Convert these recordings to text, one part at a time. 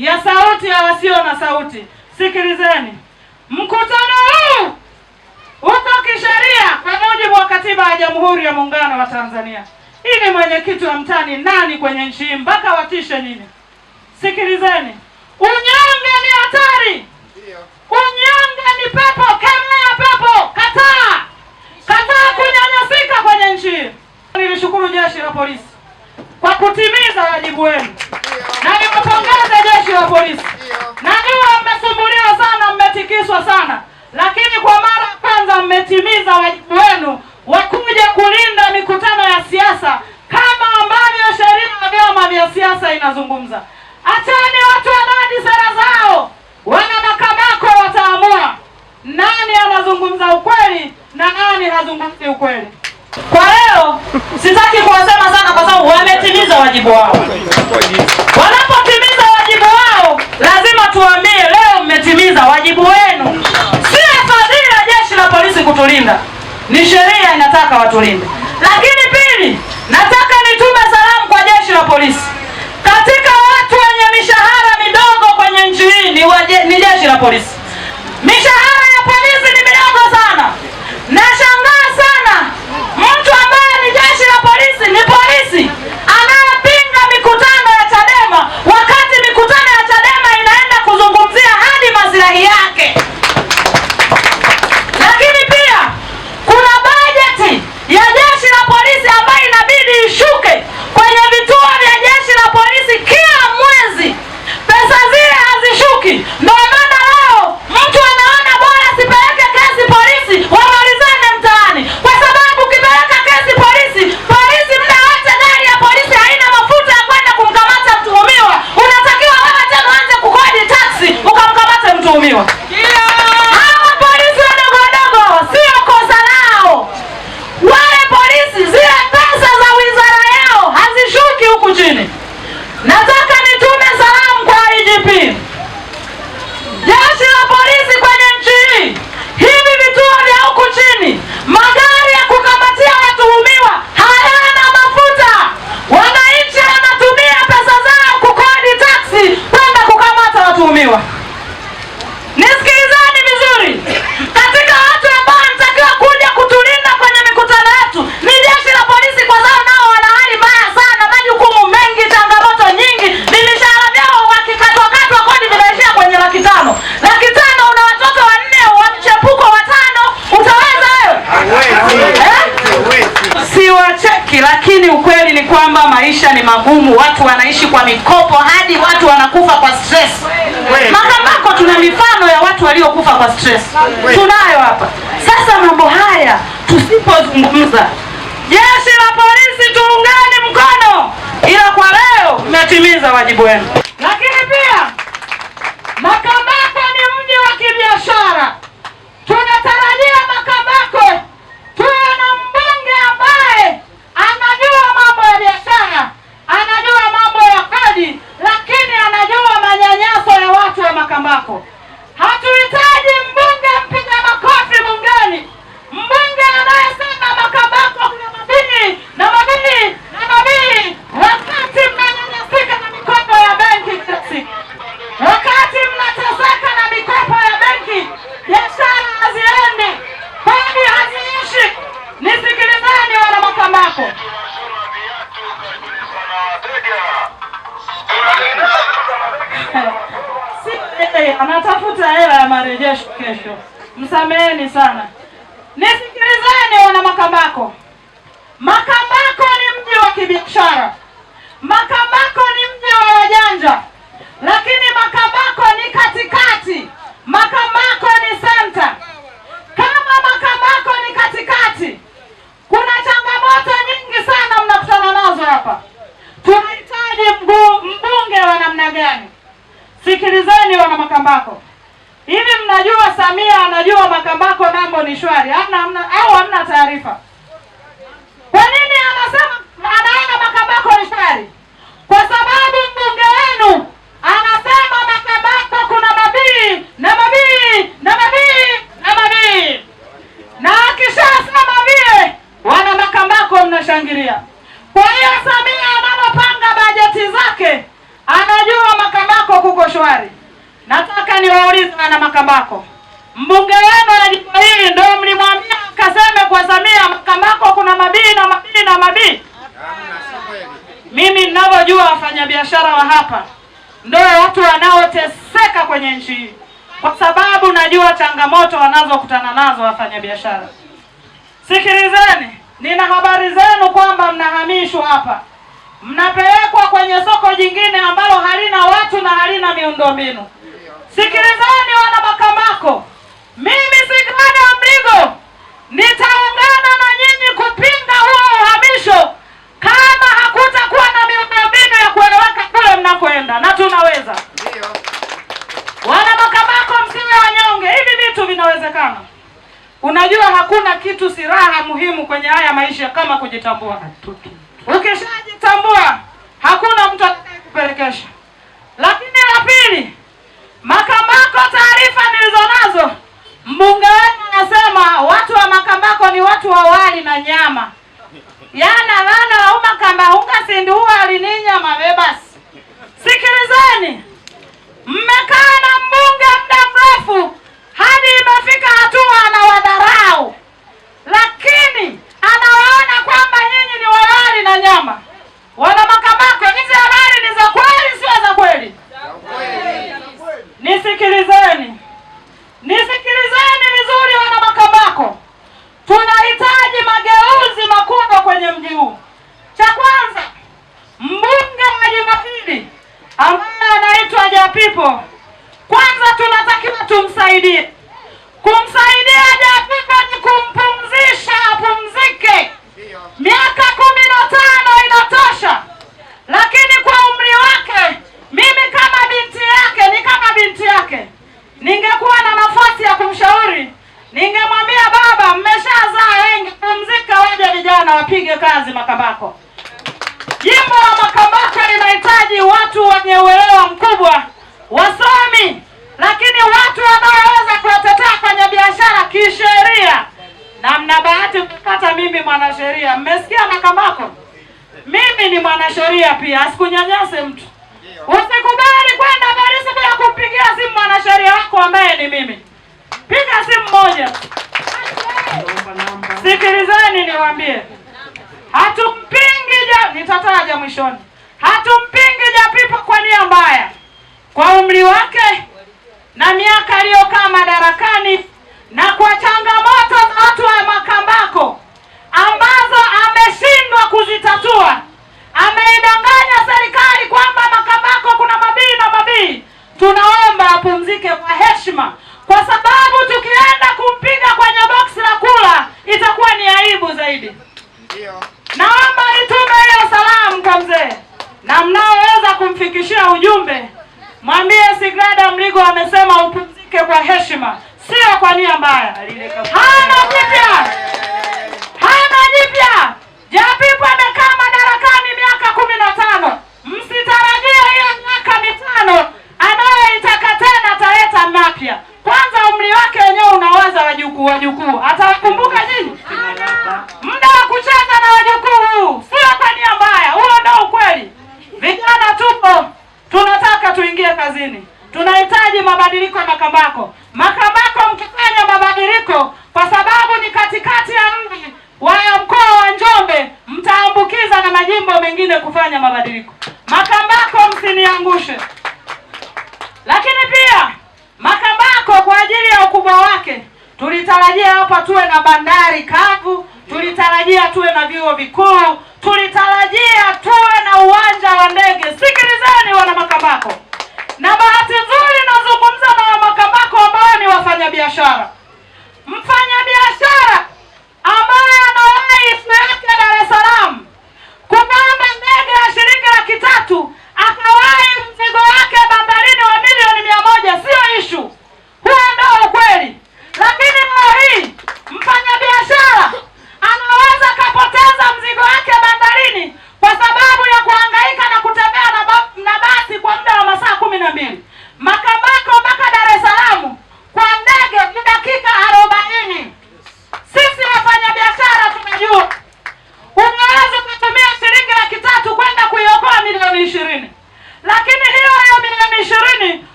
ya sauti ya wasio na sauti. Sikilizeni, mkutano huu uko kisheria kwa mujibu wa katiba ya Jamhuri ya Muungano wa Tanzania. Hii ni mwenyekiti wa mtani nani kwenye nchi hii mpaka watishe nini Sikilizeni, unyonge ni hatari, unyonge ni pepo. Kemea pepo, kataa, kataa kunyanyasika kwenye nchi hii. Nilishukuru jeshi la polisi kwa kutimiza wajibu wenu ya polisi. Na iwe mmesumbuliwa sana, mmetikiswa sana, lakini kwa mara ya kwanza mmetimiza wajibu wenu wa kuja kulinda mikutano ya siasa kama ambavyo sheria ya vyama vya siasa inazungumza. Acheni watu wanadi sera zao, wana makamako wataamua nani anazungumza ukweli na nani hazungumzi ukweli. Kwa leo sitaki kuwasema sana, kwa sababu wametimiza wajibu wao wanapo lazima tuambie leo mmetimiza wajibu wenu. Si fadhila jeshi la polisi kutulinda, ni sheria inataka watulinde. Lakini pili, nataka nitume salamu kwa jeshi la polisi. Katika watu wenye mishahara midogo kwenye nchi hii ni jeshi la polisi. Mishahara ya polisi ni midogo sana na hapa stress tunayo hapa sasa. Mambo haya tusipozungumza, jeshi la polisi tuungane mkono, ila kwa leo mmetimiza wajibu wenu, lakini pia makamata ni mji wa kibiashara tunatarajia 願いします yako ni shwari, hamna hamna au hamna taarifa. Kwa nini anasema anaona Makambako ni shwari? Kwa sababu mbunge wenu anasema Makambako kuna mabii na mabii na mabii na mabii, na akishasema vile, wana Makambako mnashangilia. Kwa hiyo Samia anapopanga bajeti zake anajua Makambako kuko shwari. Nataka niwaulize wana Makambako Mbunge wenu alikuwa hili ndio mlimwambia kaseme kwa Samia Makamako kuna mabii na mabii na mabii. Mimi ninavyojua wafanyabiashara wa hapa ndio watu wanaoteseka kwenye nchi hii, kwa sababu najua changamoto wanazokutana nazo wafanyabiashara. Sikilizeni, nina habari zenu kwamba mnahamishwa hapa, mnapelekwa kwenye soko jingine ambalo halina watu na halina miundombinu. Sikilizeni wana Makamako. Mimi Sigmada Mligo nitaungana na nyinyi kupinga huo uhamisho kama hakutakuwa na miundombinu ya kueleweka kule mnakoenda, na tunaweza. Ndio wana Makambako, msiwe wanyonge, hivi vitu vinawezekana. Unajua, hakuna kitu silaha muhimu kwenye haya maisha kama kujitambua. Ukishajitambua hakuna mtu atakayekupelekesha. Lakini la pili, Makambako, taarifa nilizonazo Mbunge wenu anasema watu wa Makambako ni watu wa wali na nyama yana lana waumakamba unga huwa alininya mabebasi. Sikilizeni, mmekaa na mbunge muda mrefu hadi imefika hatua wadharau lakini anawaona kwamba nyinyi ni wali na nyama. Wana Makambako, hizi habari ni za kweli, sio za kweli? Nisikilizeni. Nisikilizeni vizuri, wana Makambako, tunahitaji sheria pia, asikunyanyase mtu. Usikubali kwenda mbali siku ya kumpigia simu mwanasheria wako ambaye ni mimi. Piga simu moja. Sikilizeni niwaambie, hatumpingi ja, nitataja mwishoni, hatumpingi Japipa kwa nia mbaya, kwa umri wake na miaka aliyokaa madarakani na kwa changamoto za watu wa Makambako ambazo ameshindwa kuzitatua ameidanganya serikali kwamba Makambako kuna mabii na mabii. Tunaomba apumzike kwa heshima, kwa sababu tukienda kumpiga kwenye boksi la kula itakuwa ni aibu zaidi. Naomba nitume hiyo salamu kwa mzee, na mnaoweza kumfikishia ujumbe mwambie Sigrada Mligo amesema upumzike kwa heshima, sio kwa nia mbaya. Hana kipya. mabadiliko. Makambako msiniangushe. Lakini pia Makambako kwa ajili ya ukubwa wake tulitarajia hapa tuwe na bandari kavu, tulitarajia tuwe na vyuo vikuu, tulitarajia tuwe na uwanja wa ndege. Sikilizeni wana Makambako, na bahati nzuri nazungumza na Makambako ambao ni wafanyabiashara. Mfanyabiashara ambaye anawahi ismu yake Dar es Salaam kupanda laki tatu akawahi mzigo wake bandarini wa milioni mia moja sio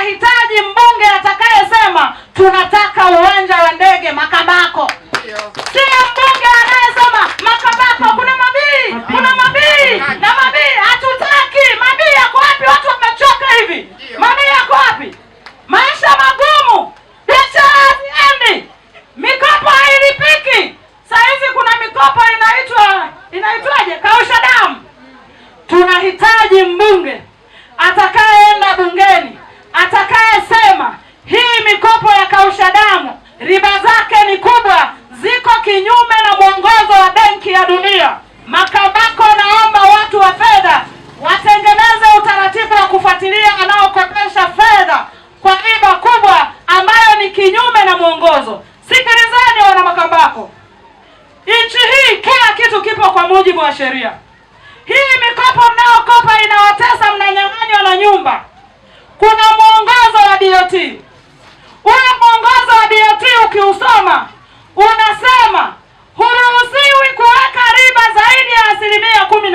tunahitaji mbunge atakayesema tunataka uwanja wa ndege Makambako, sio mbunge anayesema Makambako kuna mabii, kuna mabii na mabii. Hatutaki mabii. Yako wapi? Watu wamechoka hivi. Mabii yako wapi? Maisha magumu, biashara haziendi, mikopo hailipiki. Sahizi kuna mikopo inaitwa inaitwaje, kausha damu. Tunahitaji mbunge atakayeenda bungeni atakayesema hii mikopo ya kausha damu riba zake ni kubwa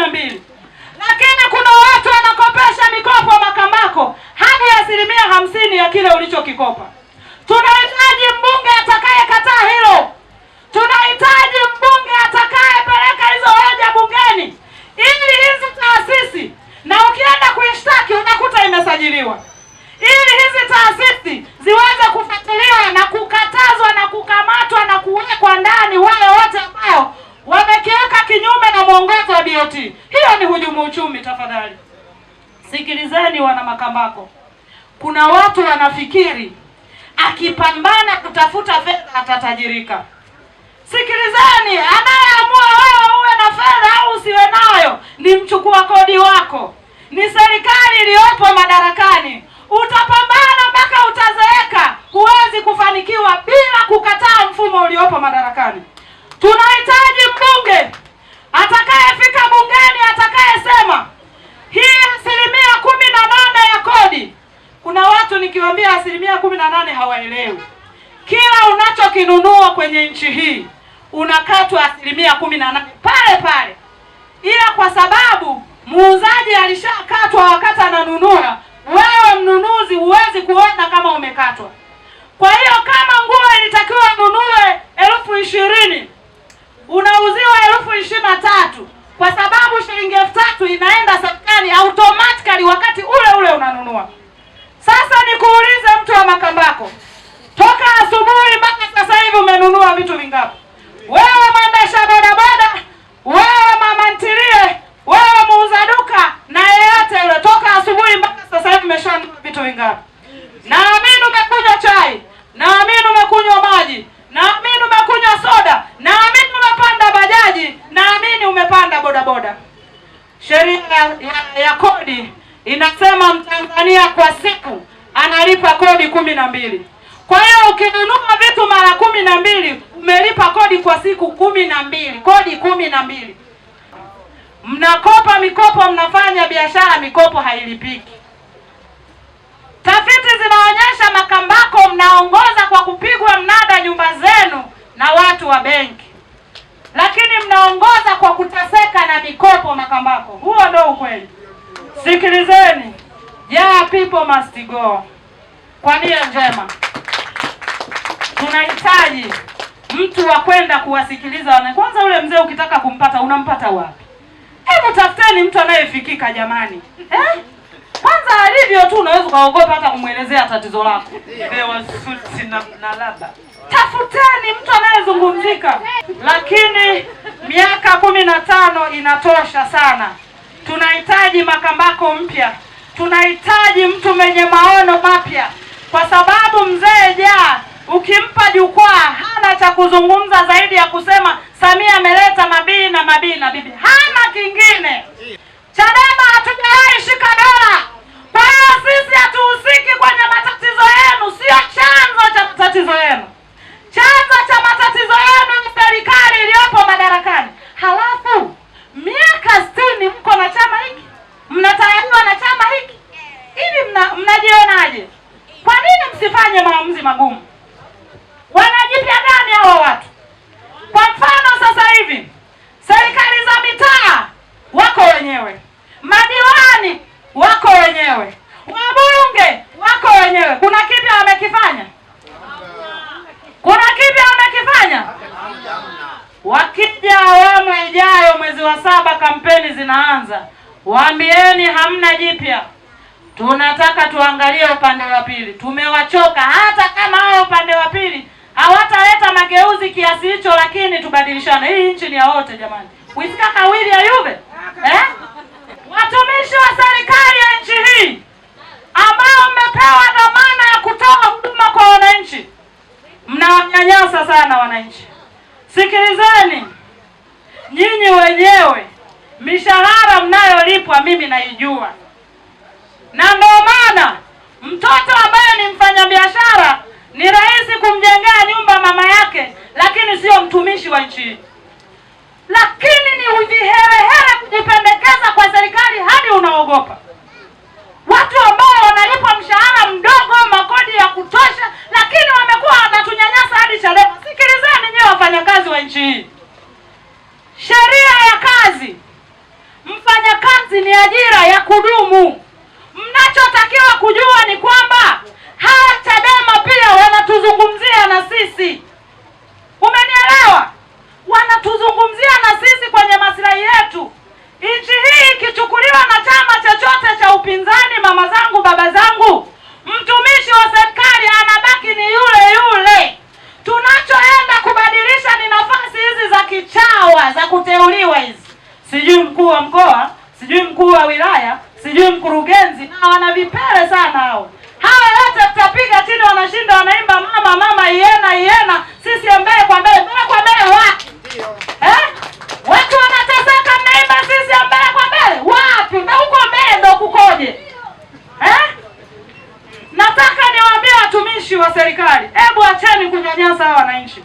na mbili, lakini kuna watu wanakopesha mikopo Makambako hadi asilimia hamsini ya kile ulichokikopa. Tunahitaji mbunge atakayekataa hilo. Tunahitaji mbunge atakayepeleka hizo hoja bungeni ili hizi taasisi, na ukienda kuishtaki unakuta imesajiliwa, ili hizi taasisi ziweze kufuatiliwa na kukatazwa na kukamatwa na kuwekwa ndani wale wote ambao wamekiweka kinyume na mwongozo wa BOT. Hiyo ni hujumu uchumi. Tafadhali sikilizeni, wana Makambako, kuna watu wanafikiri akipambana kutafuta fedha atatajirika. Sikilizeni, anayeamua wewe uwe na fedha au usiwe nayo ni mchukua kodi wako, ni serikali iliyopo madarakani. Utapambana mpaka utazeeka, huwezi kufanikiwa bila kukataa mfumo uliopo madarakani. Tunahitaji mbunge atakayefika bungeni atakayesema hii asilimia kumi na nane ya kodi. Kuna watu nikiwaambia asilimia kumi na nane hawaelewi. Kila unachokinunua kwenye nchi hii unakatwa asilimia kumi na nane pale pale, ila kwa sababu muuzaji alishakatwa wakati ananunua, wewe mnunuzi huwezi kuona kama umekatwa. Kwa hiyo kama nguo ilitakiwa nunue elfu ishirini unauziwa elfu ishirini na tatu kwa sababu shilingi elfu tatu inaenda serikali automatically wakati ule ule unanunua. Sasa nikuulize, mtu wa Makambako, toka asubuhi mpaka sasa hivi umenunua vitu vingapi? Wewe mwendesha bodaboda, wewe mama pikipiki. Tafiti zinaonyesha Makambako mnaongoza kwa kupigwa mnada nyumba zenu na watu wa benki, lakini mnaongoza kwa kutaseka na mikopo. Makambako, huo ndio ukweli. Sikilizeni, yeah, people must go. Kwa nia njema, tunahitaji mtu wa kwenda kuwasikiliza wana. Kwanza ule mzee ukitaka kumpata unampata wapi? Hebu tafuteni mtu anayefikika jamani, eh? Sasa alivyo tu unaweza ukaogopa hata kumwelezea tatizo lako. Eh, suti na, na Tafuteni mtu anayezungumzika, lakini miaka kumi na tano inatosha sana. Tunahitaji Makambako mpya, tunahitaji mtu mwenye maono mapya, kwa sababu mzee Jaa ukimpa jukwaa hana cha kuzungumza zaidi ya kusema Samia ameleta mabii na mabii na bibi, hana kingine. Chadema hatujawahi shika dola. Baba, sisi hatuhusiki kwenye matatizo yenu, sio chanzo cha matatizo yenu. Chanzo cha matatizo yenu ni serikali iliyopo madarakani. Halafu miaka sitini mko na chama hiki, mnatayariwa na chama hiki, ili mnajionaje? kwa nini msifanye maamuzi magumu? Waambieni hamna jipya. Tunataka tuangalie upande wa pili. Tumewachoka, hata kama wao upande wa pili hawataleta mageuzi kiasi hicho, lakini tubadilishane. Hii nchi ni ya wote jamani. Kuisika kawili ya Yube eh? Watumishi wa serikali ya nchi hii ambao mmepewa dhamana ya kutoa huduma kwa wananchi, mnawanyanyasa sana wananchi. Sikilizeni nyinyi wenyewe mishahara mnayolipwa mimi naijua, na ndio maana mtoto ambaye ni mfanyabiashara ni rahisi kumjengea nyumba mama yake, lakini sio mtumishi wa nchi hii. Lakini ni ujiherehere kujipendekeza kwa serikali hadi unaogopa watu ambao wanalipwa mshahara mdogo, makodi ya kutosha, lakini wamekuwa wanatunyanyasa hadi Chadema. Sikilizeni nyewe wafanyakazi wa nchi hii, sheria ya kazi Mfanyakazi ni ajira ya kudumu. Mnachotakiwa kujua ni kwamba hawa Chadema pia wanatuzungumzia na sisi, umenielewa? Wanatuzungumzia na sisi watumishi wa serikali, hebu acheni kunyanyasa wananchi.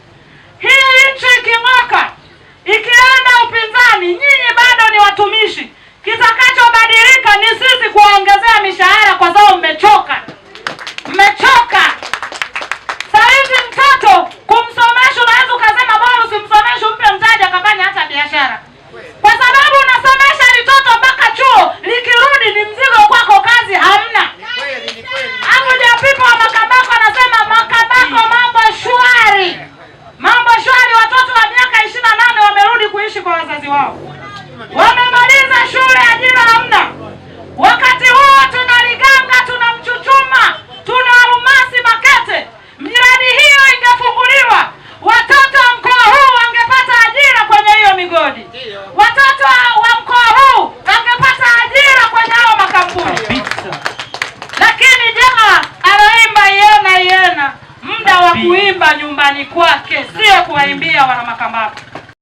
Hii nchi iking'oka, ikienda upinzani, nyinyi bado ni watumishi. Kitakachobadilika ni sisi kuwaongezea mishahara, kwa sababu mmechoka, mmechoka. sahizi mtoto kumsomesha, unaweza ukasema bora usimsomeshe, umpe mtaji akafanya hata biashara, kwa sababu unasomesha litoto mpaka chuo, likirudi ni mzigo kwako, kazi hamna.